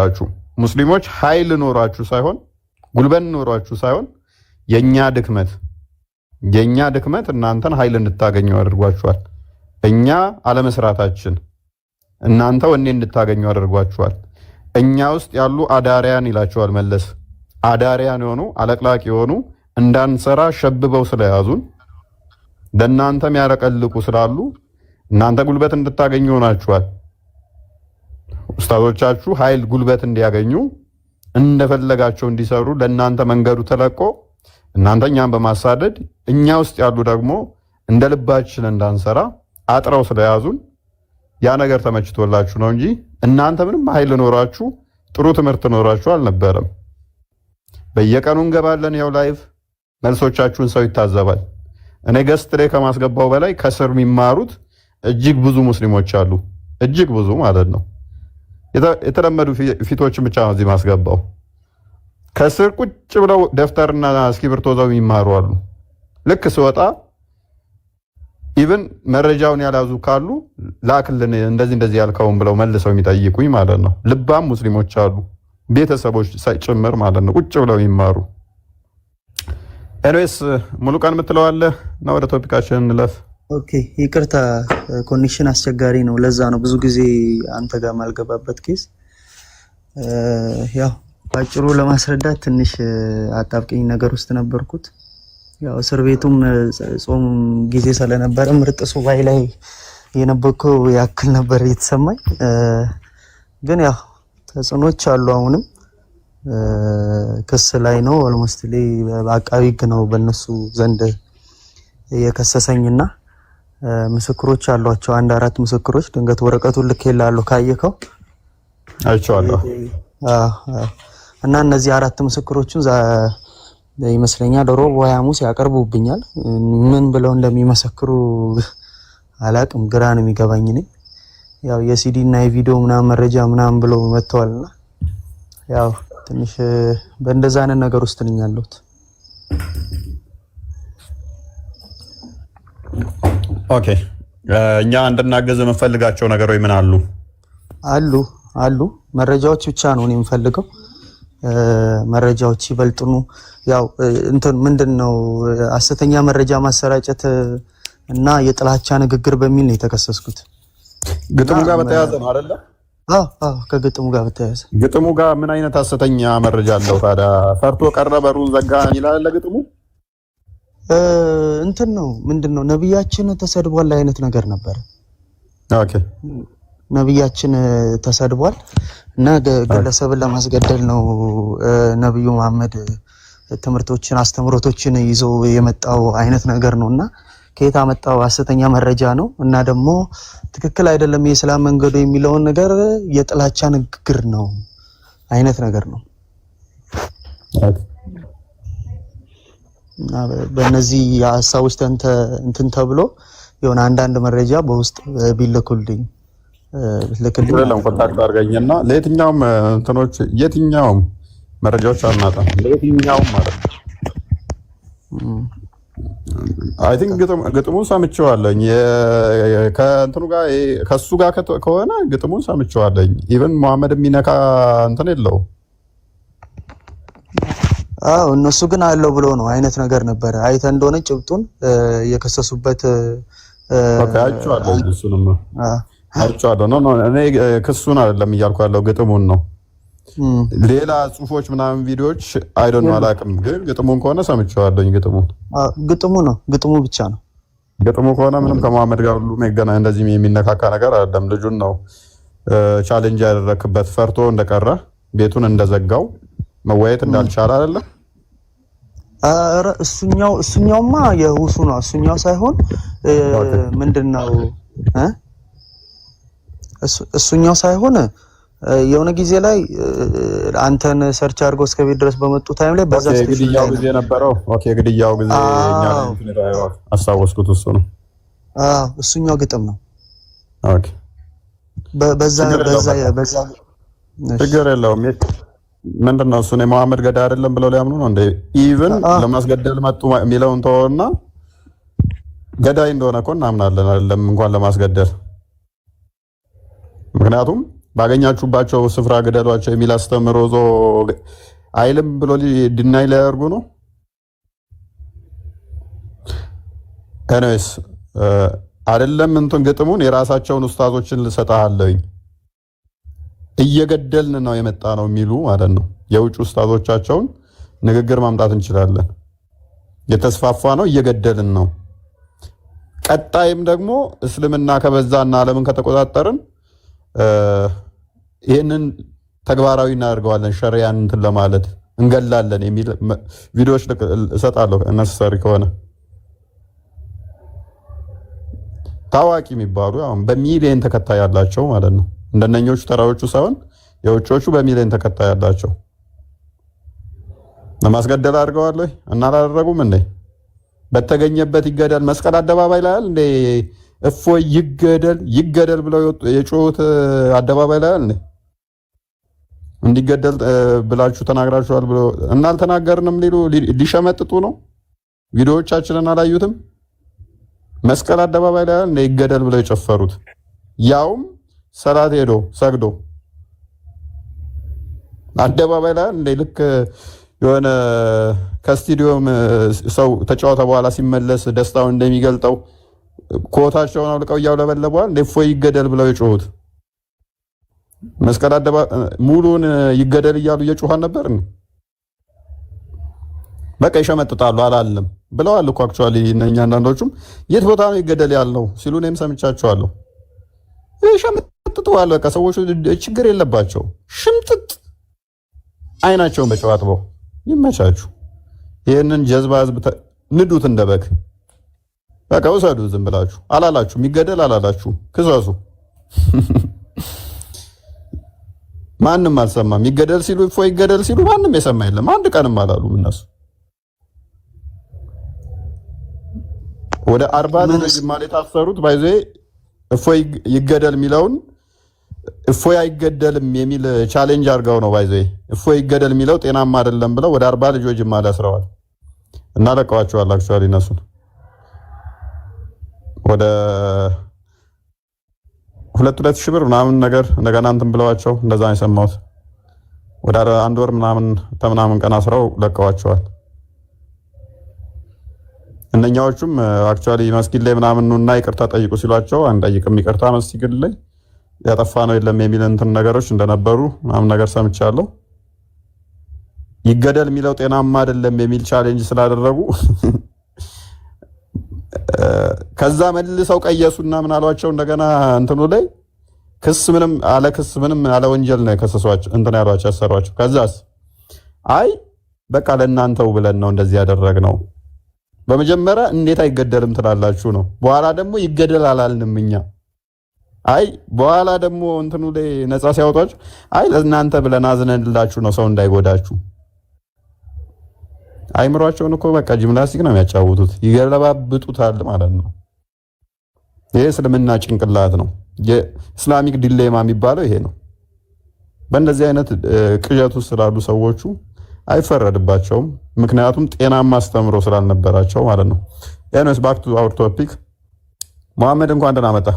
ራችሁ ሙስሊሞች ኃይል ኖሯችሁ ሳይሆን ጉልበት ኖሯችሁ ሳይሆን የእኛ ድክመት የእኛ ድክመት እናንተን ኃይል እንድታገኙ አድርጓችኋል። እኛ አለመስራታችን እናንተ ወኔ እንድታገኙ አድርጓችኋል። እኛ ውስጥ ያሉ አዳሪያን ይላቸዋል መለስ። አዳሪያን የሆኑ አለቅላቅ የሆኑ እንዳንሰራ ሸብበው ስለያዙን ለእናንተም ያረቀልቁ ስላሉ እናንተ ጉልበት እንድታገኙ ሆናችኋል። ኡስታዞቻችሁ ኃይል ጉልበት እንዲያገኙ እንደፈለጋቸው እንዲሰሩ ለእናንተ መንገዱ ተለቆ እናንተ እኛን በማሳደድ እኛ ውስጥ ያሉ ደግሞ እንደ ልባችን እንዳንሰራ አጥረው ስለያዙን ያ ነገር ተመችቶላችሁ ነው እንጂ እናንተ ምንም ኃይል ኖራችሁ ጥሩ ትምህርት ኖራችሁ አልነበረም። በየቀኑ እንገባለን። ያው ላይቭ መልሶቻችሁን ሰው ይታዘባል። እኔ ገስት ላይ ከማስገባው በላይ ከስር የሚማሩት እጅግ ብዙ ሙስሊሞች አሉ። እጅግ ብዙ ማለት ነው። የተለመዱ ፊቶችን ብቻ ነው እዚህ ማስገባው። ከስር ቁጭ ብለው ደብተርና እስክሪብቶ ዘው የሚማሩ አሉ። ልክ ስወጣ ኢቭን መረጃውን ያልያዙ ካሉ ላክልን፣ እንደዚህ እንደዚህ ያልከውን ብለው መልሰው የሚጠይቁኝ ማለት ነው። ልባም ሙስሊሞች አሉ፣ ቤተሰቦች ጭምር ማለት ነው። ቁጭ ብለው የሚማሩ ኤንዌስ ሙሉቀን የምትለዋለህ እና ወደ ቶፒካችን እንለፍ። ኦኬ ይቅርታ፣ ኮኔክሽን አስቸጋሪ ነው። ለዛ ነው ብዙ ጊዜ አንተ ጋር ማልገባበት ኬስ። ያው ባጭሩ ለማስረዳት ትንሽ አጣብቅኝ ነገር ውስጥ ነበርኩት። ያው እስር ቤቱም ጾም ጊዜ ስለነበረ ምርጥ ሱባኤ ላይ የነበርከው ያክል ነበር የተሰማኝ። ግን ያው ተጽዕኖች አሉ። አሁንም ክስ ላይ ነው። ኦልሞስት ላይ በአቃቢ ህግ ነው በእነሱ ዘንድ የከሰሰኝና ምስክሮች አሏቸው። አንድ አራት ምስክሮች ድንገት ወረቀቱን ልኬልሃለሁ ካየከው አይቼዋለሁ። እና እነዚህ አራት ምስክሮችን ይመስለኛል ሮብ ወይ ሐሙስ ያቀርቡብኛል። ምን ብለው እንደሚመሰክሩ አላቅም፣ ግራ ነው የሚገባኝ። ነኝ ያው የሲዲ እና የቪዲዮ ምናምን መረጃ ምናምን ብለው መጥተዋልና ያው ትንሽ በእንደዛ አይነት ነገር ውስጥ ነኝ ያለሁት። ኦኬ እኛ እንድናገዝ የምንፈልጋቸው ነገሮች ምን አሉ አሉ አሉ መረጃዎች ብቻ ነው የምፈልገው መረጃዎች ይበልጥኑ ያው እንትን ምንድን ነው ሐሰተኛ መረጃ ማሰራጨት እና የጥላቻ ንግግር በሚል ነው የተከሰስኩት። ግጥሙ ጋር በተያያዘ ነው አይደለ? ከግጥሙ ጋር በተያያዘ ግጥሙ ጋር ምን አይነት ሐሰተኛ መረጃ አለው ታዲያ? ፈርቶ ቀረ በሩን ዘጋ ይላል ለግጥሙ እንትን ነው ምንድን ነው ነብያችን ተሰድቧል አይነት ነገር ነበር። ኦኬ ነብያችን ተሰድቧል እና ግለሰብን ለማስገደል ነው ነብዩ መሐመድ ትምህርቶችን አስተምሮቶችን ይዞ የመጣው አይነት ነገር ነው እና ከየት አመጣው? ሐሰተኛ መረጃ ነው እና ደግሞ ትክክል አይደለም የእስላም መንገዱ የሚለውን ነገር የጥላቻ ንግግር ነው አይነት ነገር ነው። እና በእነዚህ ሀሳብ እንትን ተብሎ የሆነ አንዳንድ መረጃ በውስጥ ቢልኩልኝ ብትልክልኝ ኮንታክት አድርገኝና ለየትኛውም እንትኖች የትኛውም መረጃዎች አናጣም። ለየትኛውም ማለት አይ ቲንክ ግጥሙን ሰምቼዋለኝ ከእንትኑ ጋር ከእሱ ጋር ከሆነ ግጥሙን ሰምቼዋለኝ። ኢቨን መሐመድ የሚነካ እንትን የለው አዎ እነሱ ግን አለው ብሎ ነው አይነት ነገር ነበረ። አይተ እንደሆነ ጭብጡን የከሰሱበት እኔ ክሱን አይደለም እያልኩ ያለው ግጥሙን ነው። ሌላ ጽሁፎች ምናምን ቪዲዮዎች አይ ዶንት ኖ አላውቅም፣ ግን ግጥሙን ከሆነ ሰምቼዋለሁኝ። ግጥሙን ግጥሙ ነው ግጥሙ ብቻ ነው። ግጥሙ ከሆነ ምንም ከመሐመድ ጋር ሁሉ የሚገናኝ እንደዚህ የሚነካካ ነገር አይደለም። ልጁን ነው ቻሌንጅ ያደረክበት ፈርቶ እንደቀረ ቤቱን እንደዘጋው መወያየት እንዳልቻለ አይደለም ኧረ እሱኛው እሱኛውማ የሁሱ ነው። እሱኛው ሳይሆን ምንድነው እሱኛው ሳይሆን የሆነ ጊዜ ላይ አንተን ሰርች አድርገው እስከ ቤት ድረስ በመጡ ታይም ላይ በዛ ግድያው ጊዜ ነበረው። ኦኬ ግድያው ጊዜ አስታወስኩት። እሱ ነው። እሱኛው ግጥም ነው። ኦኬ በዛ በዛ በዛ ችግር የለውም። ምንድን ነው እሱ የመሐመድ ገዳ አይደለም ብለው ሊያምኑ ነው እንደ ኢቭን ለማስገደል መጡ የሚለውን ተወና ገዳይ እንደሆነ እኮ እናምናለን አይደለም እንኳን ለማስገደል ምክንያቱም ባገኛችሁባቸው ስፍራ ግደሏቸው የሚል አስተምሮ ዞ አይልም ብሎ ድናይ ሊያደርጉ ነው ኤኒዌይስ አይደለም እንትን ግጥሙን የራሳቸውን ኡስታዞችን ልሰጥሃለሁኝ እየገደልን ነው የመጣ ነው የሚሉ ማለት ነው። የውጭ ውስጣቶቻቸውን ንግግር ማምጣት እንችላለን። የተስፋፋ ነው፣ እየገደልን ነው። ቀጣይም ደግሞ እስልምና ከበዛና ዓለምን ከተቆጣጠርን ይህንን ተግባራዊ እናደርገዋለን። ሸሪያን እንትን ለማለት እንገላለን የሚል ቪዲዮዎች እሰጣለሁ ነሰሪ ከሆነ ታዋቂ የሚባሉ በሚሊየን ተከታይ ያላቸው ማለት ነው። እንደነኞቹ ተራዎቹ ሳይሆን የውጮቹ በሚሊዮን ተከታይ ያላቸው ለማስገደል አድርገዋል እና አላደረጉም እንዴ? በተገኘበት ይገደል መስቀል አደባባይ ላያል እንዴ? እፎ ይገደል ይገደል ብለው የጮሁት አደባባይ ላይ እንዴ? እንዲገደል ብላችሁ ተናግራችኋል ብሎ እና አልተናገርንም ሊሉ ሊሸመጥጡ ነው። ቪዲዮዎቻችንን አላዩትም። መስቀል አደባባይ ላይ እንዴ? ይገደል ብለው የጨፈሩት ያውም ሰላት ሄዶ ሰግዶ አደባባይ ላይ እንደ ልክ የሆነ ከስቱዲዮም ሰው ተጫወተ በኋላ ሲመለስ ደስታውን እንደሚገልጠው ኮታቸውን አውልቀው እያውለበለበዋል። እንደ እፎይ ይገደል ብለው የጮሁት መስቀል አደባ ሙሉን ይገደል እያሉ እየጮኋን ነበር። በቃ ይሸመጥጣሉ። አላለም ብለዋል እኮ አክቹዋሊ እነኛ አንዳንዶቹም የት ቦታ ነው ይገደል ያለው ሲሉ እኔም ሰምቻቸዋለሁ። ሸምጥጠዋል። በቃ ሰዎቹ ችግር የለባቸው። ሽምጥጥ አይናቸውን በጨዋጥበው ይመቻችሁ። ይህንን ጀዝባ ህዝብ ንዱት እንደበግ በቃ ውሰዱ። ዝም ብላችሁ አላላችሁ የሚገደል አላላችሁ ክሰሱ። ማንም አልሰማም። ይገደል ሲሉ እፎ ይገደል ሲሉ ማንም የሰማ የለም። አንድ ቀንም አላሉም እነሱ ወደ አርባ ነው የታሰሩት ባይዘ እፎይ ይገደል የሚለውን እፎይ አይገደልም የሚል ቻሌንጅ አድርገው ነው ባይዘ እፎይ ይገደል የሚለው ጤናማ አይደለም ብለው ወደ አርባ ልጆች ማል ያስረዋል እና ለቀዋቸዋል። አክቹዋሊ እነሱን ወደ ሁለት ሁለት ሺህ ብር ምናምን ነገር እንደገና እንትን ብለዋቸው እንደዛ የሰማሁት ወደ አንድ ወር ምናምን ተምናምን ቀን አስረው ለቀዋቸዋል። እነኛዎቹም አክቹዋሊ መስጊድ ላይ ምናምን ኑና ይቅርታ ጠይቁ ሲሏቸው አንጠይቅም ይቅርታ መስጊድ ላይ ያጠፋ ነው የለም የሚል እንትን ነገሮች እንደነበሩ ምናምን ነገር ሰምቻለሁ። ይገደል የሚለው ጤናማ አይደለም የሚል ቻሌንጅ ስላደረጉ ከዛ መልሰው ቀየሱና ምን አሏቸው እንደገና እንትኑ ላይ ክስ ምንም አለ ክስ ምንም አለ ወንጀል ነው የከሰሷቸው እንትን ያሏቸው ያሰሯቸው። ከዛስ አይ በቃ ለእናንተው ብለን ነው እንደዚህ ያደረግ ነው በመጀመሪያ እንዴት አይገደልም ትላላችሁ ነው። በኋላ ደግሞ ይገደል አላልንም እኛ። አይ በኋላ ደግሞ እንትኑ ላይ ነፃ ሲያወጧችሁ አይ ለእናንተ ብለን አዝነንላችሁ ነው ሰው እንዳይጎዳችሁ። አይምሯቸውን እኮ በቃ ጂምናስቲክ ነው የሚያጫውቱት፣ ይገለባብጡታል ማለት ነው። ይሄ እስልምና ጭንቅላት ነው። የእስላሚክ ዲሌማ የሚባለው ይሄ ነው። በእንደዚህ አይነት ቅዠቱ ስላሉ ሰዎቹ አይፈረድባቸውም። ምክንያቱም ጤናማ አስተምሮ ስላልነበራቸው ማለት ነው። ኤኒዌይስ ባክ ቱ አወር ቶፒክ መሐመድ እንኳን ደህና መጣ።